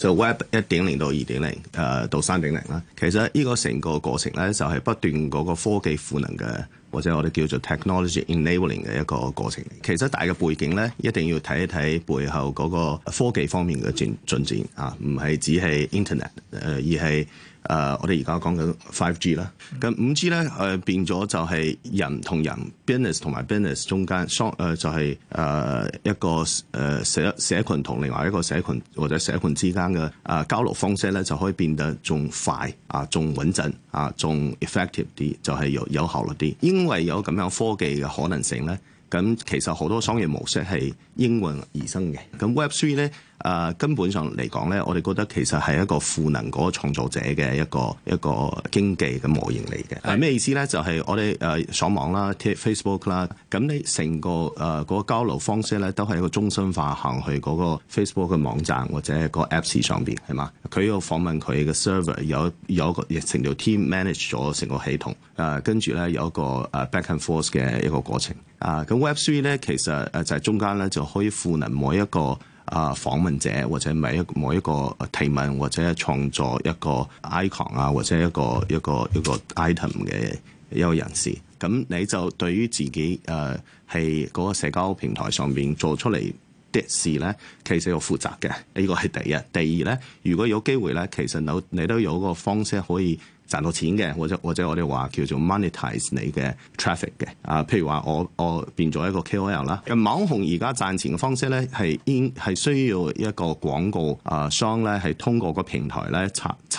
就、so、Web 一點零到二點零，誒到三點零啦。其實呢個成個過程咧，就係、是、不斷嗰個科技賦能嘅，或者我哋叫做 technology enabling 嘅一個過程。其實大嘅背景咧，一定要睇一睇背後嗰個科技方面嘅進進展啊，唔係只係 Internet，誒、呃、而係。誒，uh, 我哋而家講緊 5G 啦，咁 5G 咧誒變咗就係人同人、 business 同埋 business 中間雙誒，就係、是、誒、呃就是呃、一個誒社、呃、社群同另外一個社群或者社群之間嘅啊交流方式咧，就可以變得仲快啊，仲穩陣啊，仲、呃、effective 啲，就係、是、有有效率啲。因為有咁樣科技嘅可能性咧，咁其實好多商業模式係應運而生嘅。咁 Web Three 咧。3呢誒、啊、根本上嚟講咧，我哋覺得其實係一個賦能嗰個創造者嘅一個一個經濟嘅模型嚟嘅。係咩是意思咧？就係、是、我哋誒、呃、上網啦，Facebook 啦，咁你成個誒嗰、呃那個交流方式咧，都係一個中心化行去嗰個 Facebook 嘅網站或者個 Apps 上邊係嘛？佢要訪問佢嘅 server 有有一個成條 team manage 咗成個系統誒，跟住咧有一個誒 back and forth 嘅一個過程啊。咁 Web Three 咧，其實誒就係中間咧就可以賦能每一個。啊！訪問者或者一某一個提問或者創作一個 icon 啊，或者一個一個一個 item 嘅一個人士，咁你就對於自己誒係嗰個社交平台上面做出嚟啲事咧，其實要負責嘅。呢個係第一。第二咧，如果有機會咧，其實你你都有個方式可以。賺到錢嘅，或者或者我哋話叫做 monetize 你嘅 traffic 嘅，啊，譬如話我我變咗一個 KOL 啦，啊，網紅而家賺錢嘅方式咧，係應係需要一個廣告啊商咧，係通過個平台咧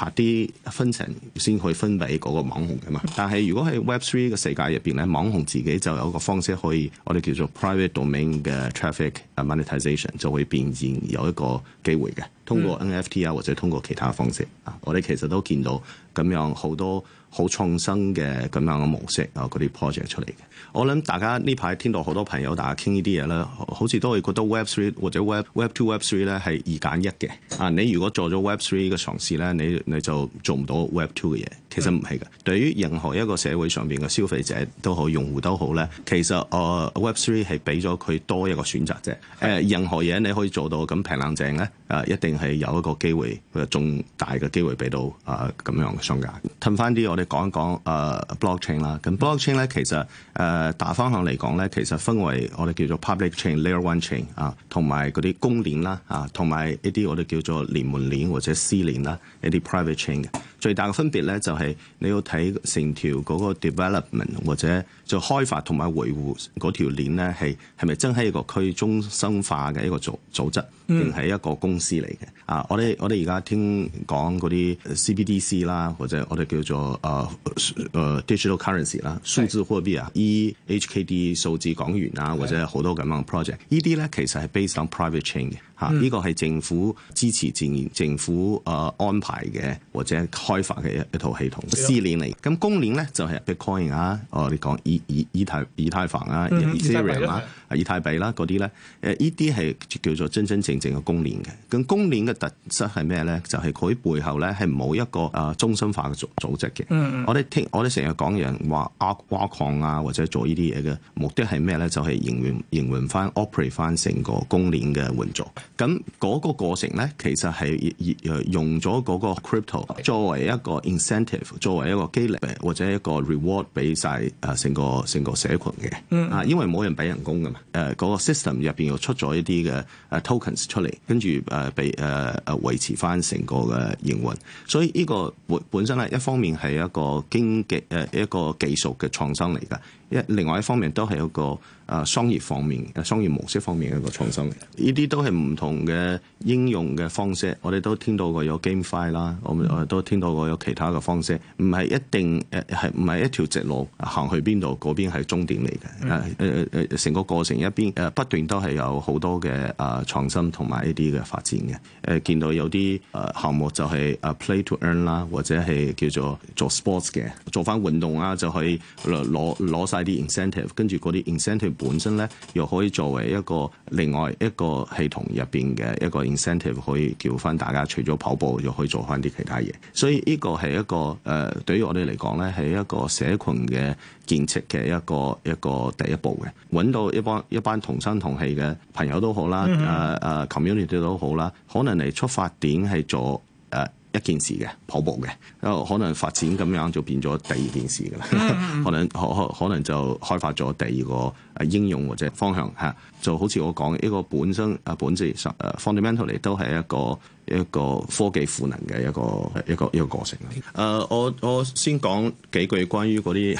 拍啲分成先去分俾嗰個網紅嘅嘛，但係如果係 Web3 嘅世界入邊咧，網紅自己就有一個方式可以，我哋叫做 private domain 嘅 traffic monetization 就會變現有一個機會嘅，通過 NFT 啊，或者通過其他方式啊，嗯、我哋其實都見到咁樣好多。好創新嘅咁樣嘅模式啊，啲 project 出嚟嘅。我諗大家呢排聽到好多朋友大家傾呢啲嘢咧，好似都係覺得 web three 或者 web web two web three 咧係二揀一嘅。啊，你如果做咗 web three 嘅嘗試咧，你你就做唔到 web two 嘅嘢。其實唔係嘅，嗯、對於任何一個社會上邊嘅消費者都好，用戶都好咧，其實誒、呃、Web Three 係俾咗佢多一個選擇啫。誒的任何嘢你可以做到咁平冷正咧，誒、呃、一定係有一個機會，重大嘅機會俾到啊咁、呃、樣嘅商家。t u 翻啲，我哋講一講誒、呃、Blockchain 啦、啊。咁 Blockchain 咧，其實誒、呃、大方向嚟講咧，其實分為我哋叫做 Public Chain、Layer One Chain 啊，同埋嗰啲公鏈啦啊，同埋一啲我哋叫做連門鏈或者私鏈啦，一、啊、啲 Private Chain 嘅。最大嘅分別咧，就係你要睇成條嗰個 development 或者就開發同埋維護嗰條鏈咧，係係咪真係一個去中心化嘅一個組組織，定係一個公司嚟嘅？Mm. 啊，我哋我哋而家聽講嗰啲 CBDC 啦，或者我哋叫做誒誒、uh, uh, digital currency 啦，數字貨幣啊，EHKD 數字港元啊，或者好多咁樣嘅 project，是呢啲咧其實係 based on private chain 嘅。呢、啊，這個係政府支持政政府誒、呃、安排嘅，或者開發嘅一一套系統，私鏈嚟。咁公鏈咧就係、是、Bitcoin 啊，你講以以以太以太坊啊 e t 啊。嗯哼以太幣啦嗰啲咧，誒依啲係叫做真真正正嘅公鏈嘅。咁公鏈嘅特色係咩咧？就係、是、佢背後咧係冇一個啊中心化嘅組組織嘅。嗯嗯我哋聽，我哋成日講人話挖挖礦啊，或者做呢啲嘢嘅目的係咩咧？就係營運營運翻 operate 翻成個公鏈嘅援助。咁嗰個過程咧，其實係用用咗嗰個 crypto 作為一個 incentive，作為一個激勵，或者一個 reward 俾晒誒成個成個社群嘅。啊、嗯嗯，因為冇人俾人工噶嘛。誒嗰個 system 入邊又出咗一啲嘅誒 tokens、ok、出嚟，跟住誒被誒誒、呃、維持翻成個嘅營運。所以呢個本本身係一方面係一個經濟誒、呃、一個技術嘅創新嚟噶。一另外一方面都係一個誒商業方面、誒商業模式方面嘅一個創新嘅，呢啲都係唔同嘅應用嘅方式。我哋都聽到過有 GameFi 啦，我我哋都聽到過有其他嘅方式，唔係一定誒係唔係一條直路行去邊度邊係終點嚟嘅。誒誒誒誒成個過程一邊誒不斷都係有好多嘅誒創新同埋呢啲嘅發展嘅。誒見到有啲誒項目就係誒 play to earn 啦，或者係叫做做 sports 嘅，做翻運動啊就可以攞攞晒。啲 incentive，跟住嗰啲 incentive 本身咧，又可以作為一個另外一個系統入邊嘅一個 incentive，可以叫翻大家除咗跑步，又可以做翻啲其他嘢。所以呢個係一個誒、呃、對於我哋嚟講咧，係一個社群嘅建設嘅一個一個第一步嘅。揾到一班一班同聲同氣嘅朋友都好啦，誒誒、mm hmm. 呃、community 都好啦，可能你出發點係做誒。呃一件事嘅跑步嘅，可能發展咁樣就變咗第二件事嘅啦。 可能可 可能就開發咗第二個誒應用或者方向嚇， 就好似我講呢個本身誒本質上、uh, fundamentally 都係一個一個科技賦能嘅一個一個一個過程啦。誒、 uh,，我我先講幾句關於嗰啲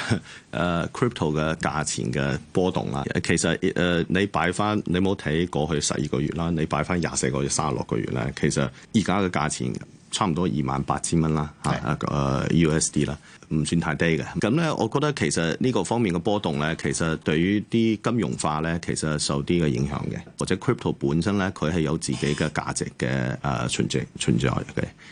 誒 crypto 嘅價錢嘅波動啦。其實誒、uh,，你擺翻你冇睇過去十二個月啦，你擺翻廿四個月、三十六個月咧，其實而家嘅價錢，差唔多二萬八千蚊啦，嚇啊，USD 啦，唔算太低嘅。咁咧，我覺得其實呢個方面嘅波動咧，其實對於啲金融化咧，其實受啲嘅影響嘅，或者 crypto 本身咧，佢係有自己嘅價值嘅啊存在 存在嘅。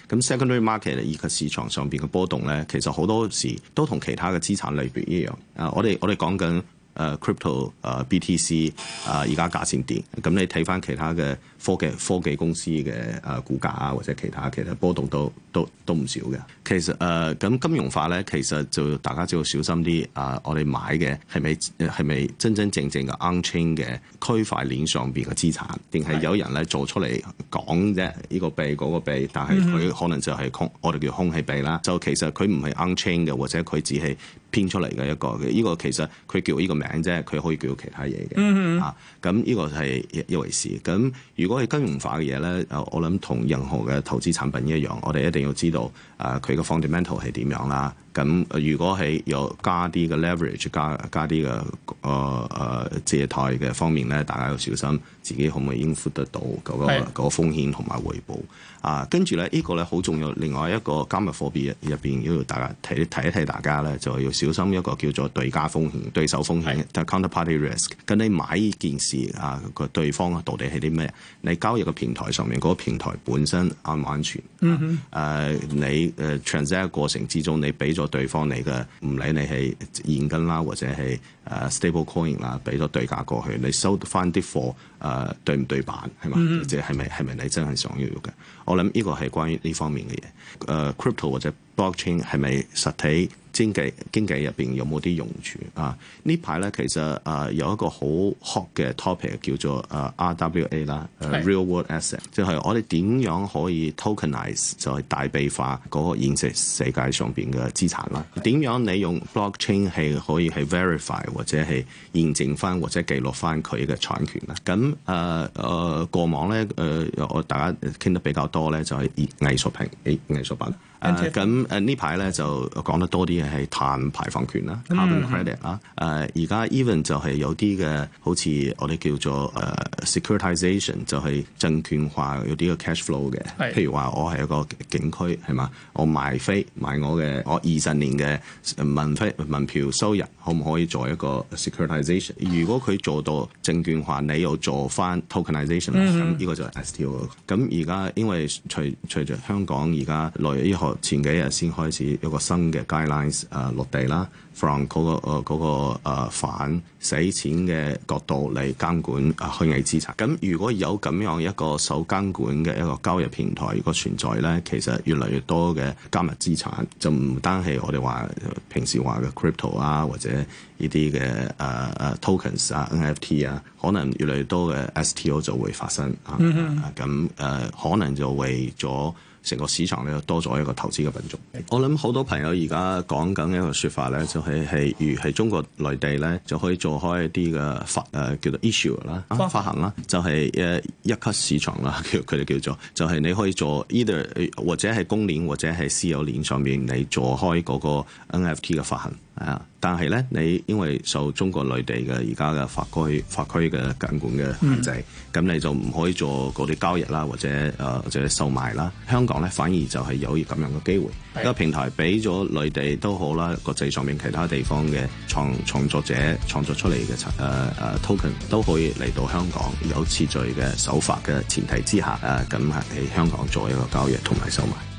咁 secondary market 以及市場上邊嘅波動咧，其實好多時都同其他嘅資產類別一樣。啊，我哋我哋講緊。誒、uh, crypto，誒 BTC，誒而家價錢點，咁你睇翻其他嘅科技科技公司嘅誒、啊、股價啊，或者其他其他波動都。都都唔少嘅，其實誒咁、呃、金融化咧，其實就大家就要小心啲啊、呃！我哋買嘅係咪係咪真真正正嘅 on-chain 嘅區塊鏈上邊嘅資產，定係有人咧做出嚟講啫？呢個幣，嗰個幣，但係佢可能就係空，mm hmm. 我哋叫空氣幣啦。就其實佢唔係 on-chain 嘅，或者佢只係編出嚟嘅一個嘅。呢個其實佢叫呢個名啫，佢可以叫其他嘢嘅、mm hmm. 啊。咁呢個係一回事。咁如果係金融化嘅嘢咧，我諗同任何嘅投資產品一樣，我哋一定。你要知道，誒、呃、佢個 fundamental 係點樣啦、啊。咁如果係有加啲嘅 leverage，加加啲嘅誒誒借貸嘅方面咧，大家要小心自己可唔可以應付得到嗰個嗰是個風險同埋回報啊！跟住咧呢個咧好重要，另外一個加密貨幣入邊要大家睇睇一睇大家咧就要小心一個叫做對家風險對手風險，即是 counterparty risk。咁你買呢件事啊個對方啊到底係啲咩？你交易嘅平台上面個平台本身安唔安全？誒、mm hmm. 啊，你誒 transact 嘅過程之中你俾咗。對方嚟嘅唔理你係現金啦，或者係誒、呃、stable coin 啦，俾咗對價過去，你收翻啲貨誒對唔對版係嘛？Mm. 或者係咪係咪你真係想要嘅？我諗呢個係關於呢方面嘅嘢誒、呃、crypto 或者 blockchain 係咪實體？經濟經濟入邊有冇啲用處啊？呢排咧其實誒、呃、有一個好 hot 嘅 topic 叫做誒 RWA 啦，real world asset，即係我哋點樣可以 tokenize，就係代幣化嗰個現實世界上邊嘅資產啦。點是樣你用 blockchain 係可以係 verify 或者係驗證翻，或者記錄翻佢嘅產權啦？咁誒誒過往咧誒、呃、我大家傾得比較多咧就係以藝術品、藝術品。誒咁誒呢排咧就講得多啲嘅係碳排放權啦、mm hmm.，carbon credit 啦。誒而家 even 就係有啲嘅，好似我哋叫做誒、uh, securitization 就係證券化有啲嘅 cash flow 嘅。是譬如話我係一個景區係嘛，我賣飛賣我嘅我二十年嘅誒文飛門票收入，可唔可以做一個 securitization 如果佢做到證券化，你又做翻 tokenization 啦，咁呢個就係 STO。咁而家因為隨隨着香港而家來依學。前幾日先開始有一個新嘅 guidelines 啊、呃、落地啦，from 嗰、嗰個嗰、呃嗰個、呃、反洗錢嘅角度嚟監管虛擬、呃、資產。咁如果有咁樣一個受監管嘅一個交易平台如果存在咧，其實越嚟越多嘅加密資產就唔單係我哋話平時話嘅 crypto 啊，或者呢啲嘅誒誒 tokens 啊、NFT 啊，可能越嚟越多嘅 STO 就會發生、mm hmm. 啊。咁、啊、誒、啊啊、可能就為咗成個市場咧多咗一個投資嘅品種，Okay. 我諗好多朋友而家講緊一個説法咧，就係係如係中國內地咧，就可以做開一啲嘅發誒、啊、叫做 issue 啦、啊，發行啦，就係、是、誒一級市場啦，叫佢哋叫做，就係、是、你可以做 either，或者係公鏈或者係私有鏈上面，你做開嗰個 NFT 嘅發行。啊！Uh, 但係咧，你因為受中國內地嘅而家嘅法規法規嘅監管嘅限制，咁、mm. 你就唔可以做嗰啲交易啦，或者誒、呃、或者售賣啦。香港咧，反而就係有咁樣嘅機會，Yeah. 個平台俾咗內地都好啦，國際上面其他地方嘅創創作者創作出嚟嘅誒誒、呃啊、token 都可以嚟到香港，有次序嘅手法嘅前提之下，誒咁喺香港做一個交易同埋售賣。